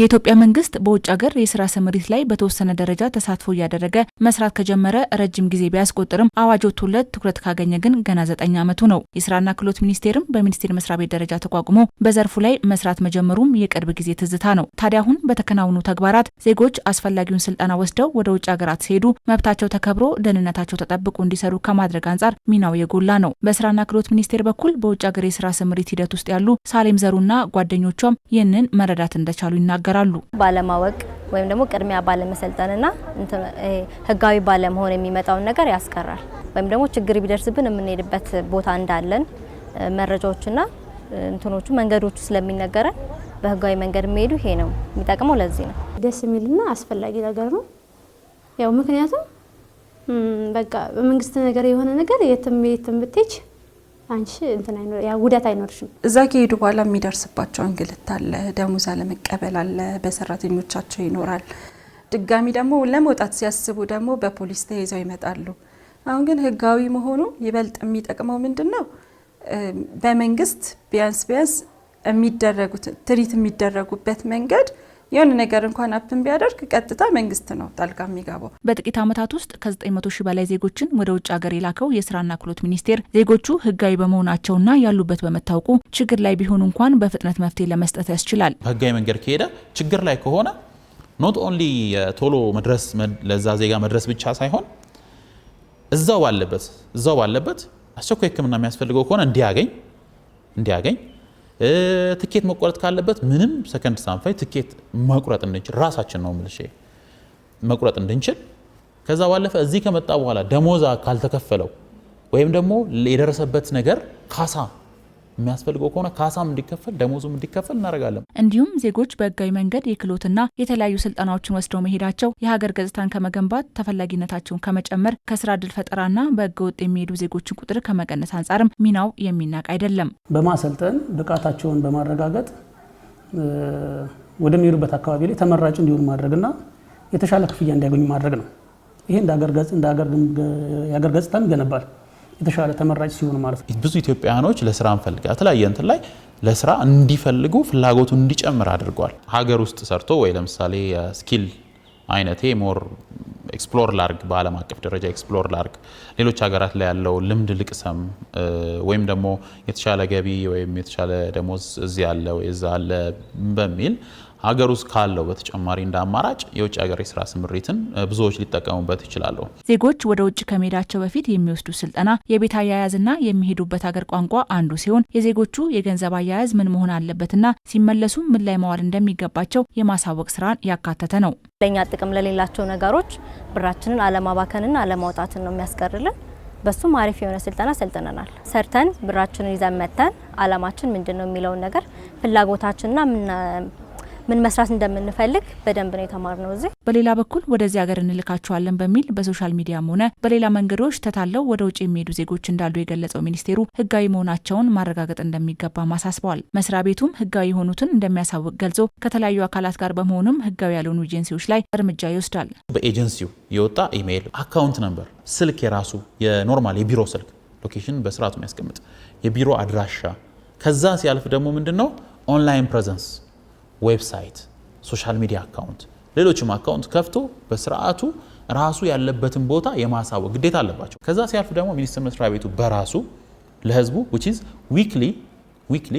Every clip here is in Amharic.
የኢትዮጵያ መንግስት በውጭ ሀገር የስራ ስምሪት ላይ በተወሰነ ደረጃ ተሳትፎ እያደረገ መስራት ከጀመረ ረጅም ጊዜ ቢያስቆጥርም አዋጅ ወጥቶለት ትኩረት ካገኘ ግን ገና ዘጠኝ ዓመቱ ነው። የስራና ክህሎት ሚኒስቴርም በሚኒስቴር መስሪያ ቤት ደረጃ ተቋቁሞ በዘርፉ ላይ መስራት መጀመሩም የቅርብ ጊዜ ትዝታ ነው። ታዲያ አሁን በተከናውኑ ተግባራት ዜጎች አስፈላጊውን ስልጠና ወስደው ወደ ውጭ ሀገራት ሲሄዱ መብታቸው ተከብሮ ደህንነታቸው ተጠብቆ እንዲሰሩ ከማድረግ አንጻር ሚናው የጎላ ነው። በስራና ክህሎት ሚኒስቴር በኩል በውጭ ሀገር የስራ ስምሪት ሂደት ውስጥ ያሉ ሳሌም ዘሩና ጓደኞቿም ይህንን መረዳት እንደቻሉ ይናገራል። ይናገራሉ። ባለማወቅ ወይም ደግሞ ቅድሚያ ባለመሰልጠንና ህጋዊ ባለመሆን የሚመጣውን ነገር ያስቀራል። ወይም ደግሞ ችግር ቢደርስብን የምንሄድበት ቦታ እንዳለን መረጃዎችና እንትኖቹ መንገዶቹ ስለሚነገረን በህጋዊ መንገድ የሚሄዱ ይሄ ነው የሚጠቅመው። ለዚህ ነው ደስ የሚልና አስፈላጊ ነገር ነው። ያው ምክንያቱም በቃ በመንግስት ነገር የሆነ ነገር የትም የትም ብትች አንቺ እንትን አይኖር ያ ጉዳት አይኖርሽም። እዛ ከሄዱ በኋላ የሚደርስባቸው እንግልት አለ፣ ደሞዝ አለመቀበል አለ፣ በሰራተኞቻቸው ይኖራል። ድጋሚ ደግሞ ለመውጣት ሲያስቡ ደግሞ በፖሊስ ተይዘው ይመጣሉ። አሁን ግን ህጋዊ መሆኑ ይበልጥ የሚጠቅመው ምንድን ነው? በመንግስት ቢያንስ ቢያንስ የሚደረጉት ትሪት የሚደረጉበት መንገድ የሆነ ነገር እንኳን ሀብትን ቢያደርግ ቀጥታ መንግስት ነው ጣልቃ የሚገባው። በጥቂት ዓመታት ውስጥ ከ900 ሺህ በላይ ዜጎችን ወደ ውጭ ሀገር የላከው የስራና ክህሎት ሚኒስቴር ዜጎቹ ህጋዊ በመሆናቸውና ያሉበት በመታወቁ ችግር ላይ ቢሆኑ እንኳን በፍጥነት መፍትሄ ለመስጠት ያስችላል። በህጋዊ መንገድ ከሄደ ችግር ላይ ከሆነ ኖት ኦንሊ ቶሎ መድረስ ለዛ ዜጋ መድረስ ብቻ ሳይሆን እዛው ባለበት እዛው ባለበት አስቸኳይ ህክምና የሚያስፈልገው ከሆነ እንዲያገኝ እንዲያገኝ ትኬት መቆረጥ ካለበት ምንም ሰከንድ ሳንፋይ ትኬት መቁረጥ እንድንችል ራሳችን ነው ምልሽ መቁረጥ እንድንችል ከዛ ባለፈ እዚህ ከመጣ በኋላ ደሞዛ ካልተከፈለው ወይም ደግሞ የደረሰበት ነገር ካሳ የሚያስፈልገው ከሆነ ካሳም እንዲከፈል ደሞዙም እንዲከፈል እናደርጋለን። እንዲሁም ዜጎች በህጋዊ መንገድ የክህሎትና የተለያዩ ስልጠናዎችን ወስደው መሄዳቸው የሀገር ገጽታን ከመገንባት ተፈላጊነታቸውን ከመጨመር ከስራ እድል ፈጠራና በህገ ወጥ የሚሄዱ ዜጎችን ቁጥር ከመቀነስ አንጻርም ሚናው የሚናቅ አይደለም። በማሰልጠን ብቃታቸውን በማረጋገጥ ወደሚሄዱበት አካባቢ ላይ ተመራጭ እንዲሆኑ ማድረግና የተሻለ ክፍያ እንዲያገኙ ማድረግ ነው። ይሄ እንደ ሀገር ገጽታም ይገነባል። የተሻለ ተመራጭ ሲሆን ማለት ነው። ብዙ ኢትዮጵያውያኖች ለስራ እንፈልጋ የተለያየ እንትን ላይ ለስራ እንዲፈልጉ ፍላጎቱ እንዲጨምር አድርጓል። ሀገር ውስጥ ሰርቶ ወይ ለምሳሌ ስኪል አይነቴ ሞር ኤክስፕሎር ላርግ በአለም አቀፍ ደረጃ ኤክስፕሎር ላርግ ሌሎች ሀገራት ላይ ያለው ልምድ ልቅሰም ወይም ደግሞ የተሻለ ገቢ ወይም የተሻለ ደሞዝ እዚህ አለ ወይ እዛ አለ በሚል ሀገር ውስጥ ካለው በተጨማሪ እንደ አማራጭ የውጭ ሀገር የስራ ስምሪትን ብዙዎች ሊጠቀሙበት ይችላሉ። ዜጎች ወደ ውጭ ከመሄዳቸው በፊት የሚወስዱ ስልጠና የቤት አያያዝና የሚሄዱበት ሀገር ቋንቋ አንዱ ሲሆን የዜጎቹ የገንዘብ አያያዝ ምን መሆን አለበትና ሲመለሱ ምን ላይ መዋል እንደሚገባቸው የማሳወቅ ስራን ያካተተ ነው። ለእኛ ጥቅም ለሌላቸው ነገሮች ብራችንን አለማባከንና አለማውጣትን ነው የሚያስቀርልን። በሱም አሪፍ የሆነ ስልጠና ሰልጥነናል። ሰርተን ብራችንን ይዘን መጥተን አላማችን ምንድን ነው የሚለውን ነገር ፍላጎታችንና ምን መስራት እንደምንፈልግ በደንብ ነው የተማርነው እዚህ። በሌላ በኩል ወደዚህ ሀገር እንልካቸዋለን በሚል በሶሻል ሚዲያም ሆነ በሌላ መንገዶች ተታለው ወደ ውጭ የሚሄዱ ዜጎች እንዳሉ የገለጸው ሚኒስቴሩ ህጋዊ መሆናቸውን ማረጋገጥ እንደሚገባም አሳስበዋል። መስሪያ ቤቱም ህጋዊ የሆኑትን እንደሚያሳውቅ ገልጾ ከተለያዩ አካላት ጋር በመሆኑም ህጋዊ ያልሆኑ ኤጀንሲዎች ላይ እርምጃ ይወስዳል። በኤጀንሲው የወጣ ኢሜይል፣ አካውንት ነምበር፣ ስልክ የራሱ የኖርማል የቢሮ ስልክ ሎኬሽን በስርዓቱ የሚያስቀምጥ የቢሮ አድራሻ ከዛ ሲያልፍ ደግሞ ምንድን ነው ኦንላይን ፕሬዘንስ ዌብሳይት፣ ሶሻል ሚዲያ አካውንት፣ ሌሎችም አካውንት ከፍቶ በስርዓቱ ራሱ ያለበትን ቦታ የማሳወቅ ግዴታ አለባቸው። ከዛ ሲያልፍ ደግሞ ሚኒስቴር መስሪያ ቤቱ በራሱ ለህዝቡ ዊችዝ ዊክሊ ዊክሊ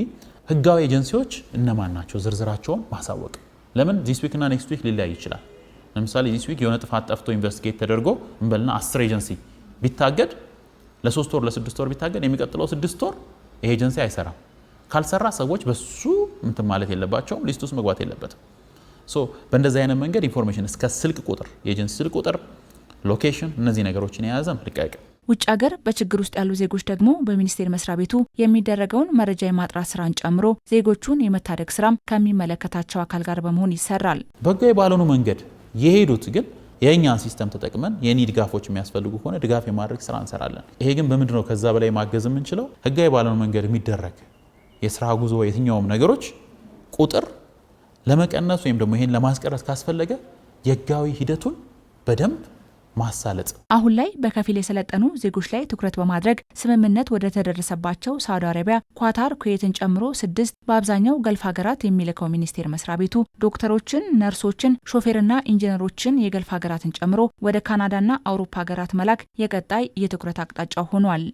ህጋዊ ኤጀንሲዎች እነማን ናቸው ዝርዝራቸውን ማሳወቅ። ለምን ዚስ ዊክ እና ኔክስት ዊክ ሊለያይ ይችላል። ለምሳሌ ዚስ ዊክ የሆነ ጥፋት ጠፍቶ ኢንቨስቲጌት ተደርጎ እንበልና አስር ኤጀንሲ ቢታገድ ለሶስት ወር ለስድስት ወር ቢታገድ የሚቀጥለው ስድስት ወር ይሄ ኤጀንሲ አይሰራም። ካልሰራ ሰዎች በሱ እንትን ማለት የለባቸውም፣ ሊስት ውስጥ መግባት የለበትም። ሶ በእንደዚህ አይነት መንገድ ኢንፎርሜሽን እስከ ስልክ ቁጥር፣ የኤጀንሲ ስልክ ቁጥር፣ ሎኬሽን፣ እነዚህ ነገሮችን የያዘ መልቀቅ ውጭ ሀገር በችግር ውስጥ ያሉ ዜጎች ደግሞ በሚኒስቴር መስሪያ ቤቱ የሚደረገውን መረጃ የማጥራት ስራን ጨምሮ ዜጎቹን የመታደግ ስራም ከሚመለከታቸው አካል ጋር በመሆን ይሰራል። በጋይ ባልሆኑ መንገድ የሄዱት ግን የእኛን ሲስተም ተጠቅመን የኒ ድጋፎች የሚያስፈልጉ ከሆነ ድጋፍ የማድረግ ስራ እንሰራለን። ይሄ ግን በምንድነው ከዛ በላይ ማገዝ የምንችለው ህጋዊ ባልሆኑ መንገድ የሚደረግ የስራ ጉዞ፣ የትኛውም ነገሮች ቁጥር ለመቀነስ ወይም ደግሞ ይሄን ለማስቀረት ካስፈለገ የህጋዊ ሂደቱን በደንብ ማሳለጥ አሁን ላይ በከፊል የሰለጠኑ ዜጎች ላይ ትኩረት በማድረግ ስምምነት ወደ ተደረሰባቸው ሳዑዲ አረቢያ፣ ኳታር፣ ኩዌትን ጨምሮ ስድስት በአብዛኛው ገልፍ ሀገራት የሚልከው ሚኒስቴር መስሪያ ቤቱ ዶክተሮችን፣ ነርሶችን፣ ሾፌርና ኢንጂነሮችን የገልፍ ሀገራትን ጨምሮ ወደ ካናዳና አውሮፓ ሀገራት መላክ የቀጣይ የትኩረት አቅጣጫ ሆኗል።